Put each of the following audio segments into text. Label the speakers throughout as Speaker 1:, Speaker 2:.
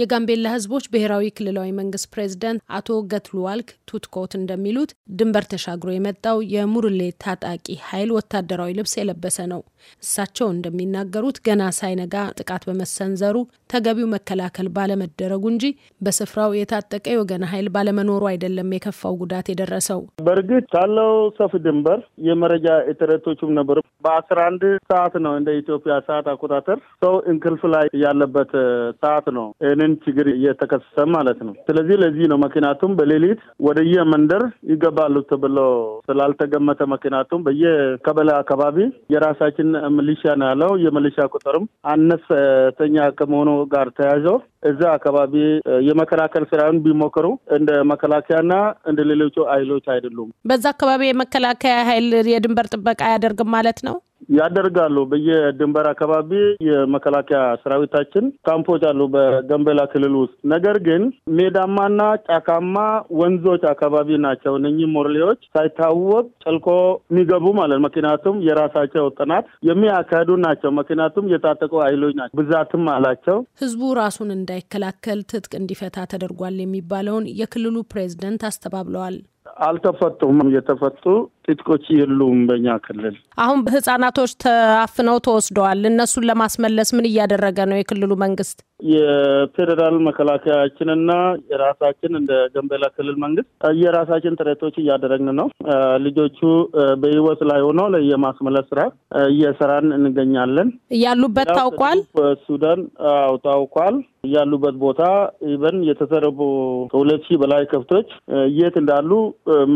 Speaker 1: የጋምቤላ ህዝቦች ብሔራዊ ክልላዊ መንግስት ፕሬዚደንት አቶ ገትሉ ዋልክ ቱትኮት እንደሚሉት ድንበር ተሻግሮ የመጣው የሙርሌ ታጣቂ ኃይል ወታደራዊ ልብስ የለበሰ ነው። እሳቸው እንደሚናገሩት ገና ሳይነጋ ጥቃት በመሰንዘሩ ተገቢው መከላከል ባለመደረጉ እንጂ በስፍራው የታጠቀ የወገን ኃይል ባለመኖሩ አይደለም የከፋው ጉዳት የደረሰው።
Speaker 2: በእርግጥ ካለው ሰፊ ድንበር የመረጃ እጥረቶችም ነበሩ። በአስራ አንድ ሰዓት ነው እንደ ኢትዮጵያ ሰዓት አቆጣጠር ሰው እንቅልፍ ላይ ያለበት ሰዓት ነው። ይህን ችግር እየተከሰሰ ማለት ነው። ስለዚህ ለዚህ ነው መኪናቱም በሌሊት ወደየ መንደር ይገባሉ ተብሎ ስላልተገመተ ምክንያቱም በየቀበሌ አካባቢ የራሳችን ሚሊሻ ነው ያለው። የሚሊሻ ቁጥርም አነስተኛ ከመሆኑ ጋር ተያይዘው እዛ አካባቢ የመከላከል ስራን ቢሞክሩ እንደ መከላከያና እንደ ሌሎቹ ኃይሎች አይደሉም።
Speaker 1: በዛ አካባቢ የመከላከያ ኃይል የድንበር ጥበቃ አያደርግም ማለት ነው።
Speaker 2: ያደርጋሉ። በየድንበር አካባቢ የመከላከያ ሰራዊታችን ካምፖች አሉ በገንበላ ክልል ውስጥ። ነገር ግን ሜዳማና ጫካማ ወንዞች አካባቢ ናቸው እነኚህ ሞርሌዎች ሳይታወቅ ጨልቆ የሚገቡ ማለት ምክንያቱም የራሳቸው ጥናት የሚያካሂዱ ናቸው። ምክንያቱም የታጠቁ ኃይሎች ናቸው፣ ብዛትም አላቸው።
Speaker 1: ህዝቡ ራሱን እንዳይከላከል ትጥቅ እንዲፈታ ተደርጓል የሚባለውን የክልሉ ፕሬዝደንት አስተባብለዋል።
Speaker 2: አልተፈቱም የተፈቱ ትጥቆች የሉም በእኛ ክልል።
Speaker 1: አሁን ህጻናቶች ተአፍነው ተወስደዋል። እነሱን ለማስመለስ ምን እያደረገ ነው የክልሉ መንግስት?
Speaker 2: የፌዴራል መከላከያችንና የራሳችን እንደ ገንበላ ክልል መንግስት የራሳችን ጥረቶች እያደረግን ነው። ልጆቹ በህይወት ላይ ሆነው የማስመለስ ስራ እየሰራን እንገኛለን።
Speaker 1: ያሉበት ታውቋል።
Speaker 2: ሱዳን አዎ ታውቋል። ያሉበት ቦታ ኢቨን የተሰረቡ ከሁለት ሺህ በላይ ከብቶች የት እንዳሉ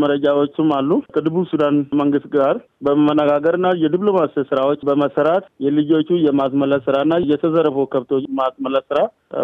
Speaker 2: መረጃዎችም አሉ ከደቡብ ሱዳን ከሱዳን መንግስት ጋር በመነጋገርና የዲፕሎማሲ ስራዎች በመሰራት የልጆቹ የማስመለስ ስራና የተዘረፉ ከብቶች ማስመለስ ስራ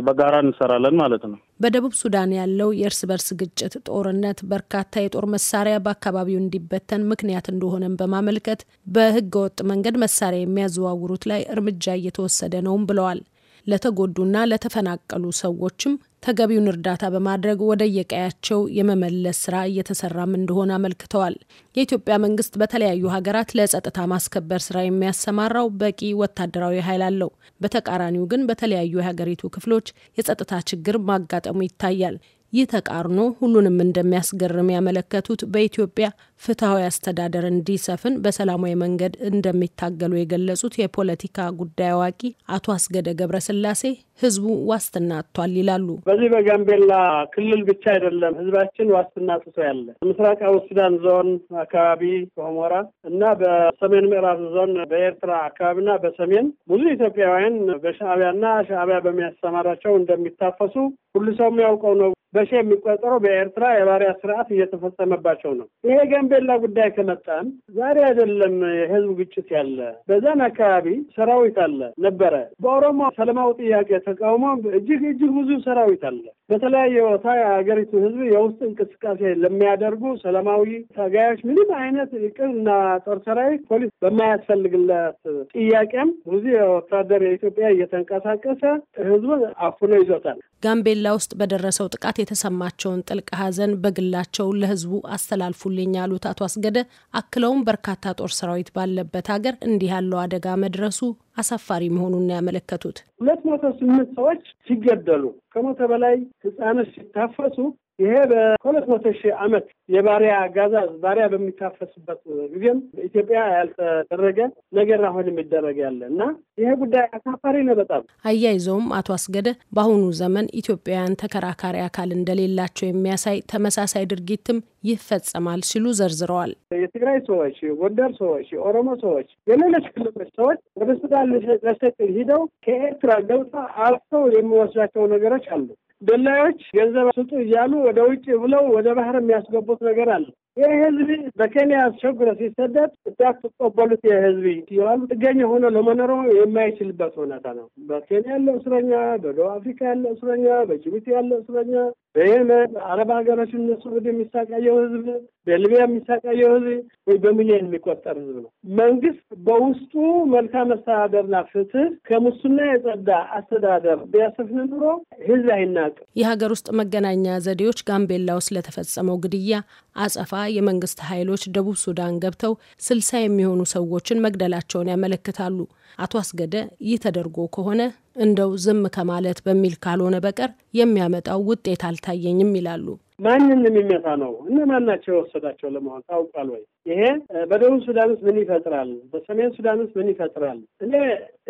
Speaker 2: በጋራ እንሰራለን ማለት ነው።
Speaker 1: በደቡብ ሱዳን ያለው የእርስ በርስ ግጭት ጦርነት በርካታ የጦር መሳሪያ በአካባቢው እንዲበተን ምክንያት እንደሆነም በማመልከት በህገ ወጥ መንገድ መሳሪያ የሚያዘዋውሩት ላይ እርምጃ እየተወሰደ ነውም ብለዋል። ለተጎዱና ለተፈናቀሉ ሰዎችም ተገቢውን እርዳታ በማድረግ ወደ የቀያቸው የመመለስ ስራ እየተሰራም እንደሆነ አመልክተዋል። የኢትዮጵያ መንግስት በተለያዩ ሀገራት ለጸጥታ ማስከበር ስራ የሚያሰማራው በቂ ወታደራዊ ኃይል አለው። በተቃራኒው ግን በተለያዩ የሀገሪቱ ክፍሎች የጸጥታ ችግር ማጋጠሙ ይታያል። ይህ ተቃርኖ ሁሉንም እንደሚያስገርም ያመለከቱት በኢትዮጵያ ፍትሐዊ አስተዳደር እንዲሰፍን በሰላማዊ መንገድ እንደሚታገሉ የገለጹት የፖለቲካ ጉዳይ አዋቂ አቶ አስገደ ገብረስላሴ ህዝቡ ዋስትና አጥቷል ይላሉ።
Speaker 3: በዚህ በጋምቤላ ክልል ብቻ አይደለም ህዝባችን ዋስትና ጥቶ ያለ ምስራቃዊ ሱዳን ዞን አካባቢ በሆሞራ እና በሰሜን ምዕራብ ዞን በኤርትራ አካባቢና በሰሜን ብዙ ኢትዮጵያውያን በሻዕቢያና ሻዕቢያ በሚያሰማራቸው እንደሚታፈሱ ሁሉ ሰው የሚያውቀው ነው። በሺ የሚቆጠሩ በኤርትራ የባሪያ ስርዓት እየተፈጸመባቸው ነው። ይሄ ጋምቤላ ጉዳይ ከመጣን ዛሬ አይደለም የህዝብ ግጭት ያለ፣ በዛን አካባቢ ሰራዊት አለ ነበረ። በኦሮሞ ሰላማዊ ጥያቄ ተቃውሞ እጅግ እጅግ ብዙ ሰራዊት አለ። በተለያየ ቦታ የሀገሪቱ ህዝብ የውስጥ እንቅስቃሴ ለሚያደርጉ ሰላማዊ ታጋዮች ምንም አይነት እና ጦር ሰራዊት ፖሊስ በማያስፈልግለት ጥያቄም ብዙ የወታደር የኢትዮጵያ እየተንቀሳቀሰ ህዝቡን አፍኖ ይዞታል።
Speaker 1: ጋምቤላ ውስጥ በደረሰው ጥቃት የተሰማቸውን ጥልቅ ሐዘን በግላቸው ለህዝቡ አስተላልፉልኝ ያሉት አቶ አስገደ አክለውም በርካታ ጦር ሰራዊት ባለበት ሀገር እንዲህ ያለው አደጋ መድረሱ አሳፋሪ መሆኑን ነው ያመለከቱት።
Speaker 3: ሁለት መቶ ስምንት ሰዎች ሲገደሉ ከሞተ በላይ ህጻኖች ሲታፈሱ ይሄ በሁለት መቶ ሺህ ዓመት የባሪያ አገዛዝ ባሪያ በሚታፈስበት ጊዜም ኢትዮጵያ ያልተደረገ ነገር አሁን የሚደረግ ያለ እና
Speaker 1: ይሄ ጉዳይ አሳፋሪ ነው በጣም። አያይዘውም አቶ አስገደ በአሁኑ ዘመን ኢትዮጵያውያን ተከራካሪ አካል እንደሌላቸው የሚያሳይ ተመሳሳይ ድርጊትም ይፈጸማል ሲሉ ዘርዝረዋል።
Speaker 3: የትግራይ ሰዎች፣ የጎንደር ሰዎች፣ የኦሮሞ ሰዎች፣ የሌሎች ክልሎች ሰዎች ወደ ሱዳን ለሰጥ ሂደው ከኤርትራ ገብታ አልፈው የሚወስዳቸው ነገሮች አሉ። ደላዮች ገንዘብ ስጡ እያሉ ወደ ውጭ ብለው ወደ ባህር የሚያስገቡት ነገር አለ። ይህ ህዝብ በኬንያ አስቸግሮ ሲሰደድ እንዳትቀበሉት የህዝብ ይላሉ ጥገኛ ሆኖ ለመኖሩ የማይችልበት ሁኔታ ነው። በኬንያ ያለው እስረኛ፣ በደቡብ አፍሪካ ያለው እስረኛ፣ በጅቡቲ ያለው እስረኛ፣ በየመን አረብ ሀገሮች እነሱ ወደ የሚሳቃየው ህዝብ፣ በሊቢያ የሚሳቃየው ህዝብ ወይ በሚሊዮን የሚቆጠር ህዝብ ነው። መንግስት በውስጡ መልካም መስተዳደርና ፍትህ ከሙስና የጸዳ አስተዳደር ቢያሰፍን ኑሮ ህዝብ
Speaker 1: አይናቅም። የሀገር ውስጥ መገናኛ ዘዴዎች ጋምቤላ ውስጥ ለተፈጸመው ግድያ አጸፋ የመንግስት ኃይሎች ደቡብ ሱዳን ገብተው ስልሳ የሚሆኑ ሰዎችን መግደላቸውን ያመለክታሉ። አቶ አስገደ ይህ ተደርጎ ከሆነ እንደው ዝም ከማለት በሚል ካልሆነ በቀር የሚያመጣው ውጤት አልታየኝም ይላሉ።
Speaker 3: ማንንም የሚመጣ ነው። እነማን ናቸው የወሰዳቸው ለመሆን ታውቋል ወይ? ይሄ በደቡብ ሱዳን ውስጥ ምን ይፈጥራል? በሰሜን ሱዳን ውስጥ ምን ይፈጥራል? እኔ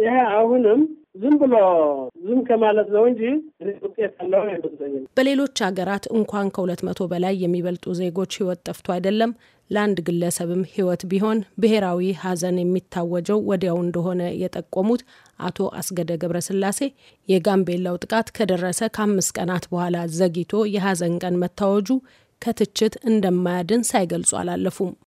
Speaker 3: ይሄ አሁንም ዝም ብሎ ዝም ከማለት ነው እንጂ ውጤት
Speaker 1: አለው አይመስለኝም። በሌሎች ሀገራት እንኳን ከሁለት መቶ በላይ የሚበልጡ ዜጎች ህይወት ጠፍቶ አይደለም ለአንድ ግለሰብም ህይወት ቢሆን ብሔራዊ ሀዘን የሚታወጀው ወዲያው እንደሆነ የጠቆሙት አቶ አስገደ ገብረስላሴ የጋምቤላው ጥቃት ከደረሰ ከአምስት ቀናት በኋላ ዘግይቶ የሀዘን ቀን መታወጁ ከትችት እንደማያድን ሳይገልጹ አላለፉም።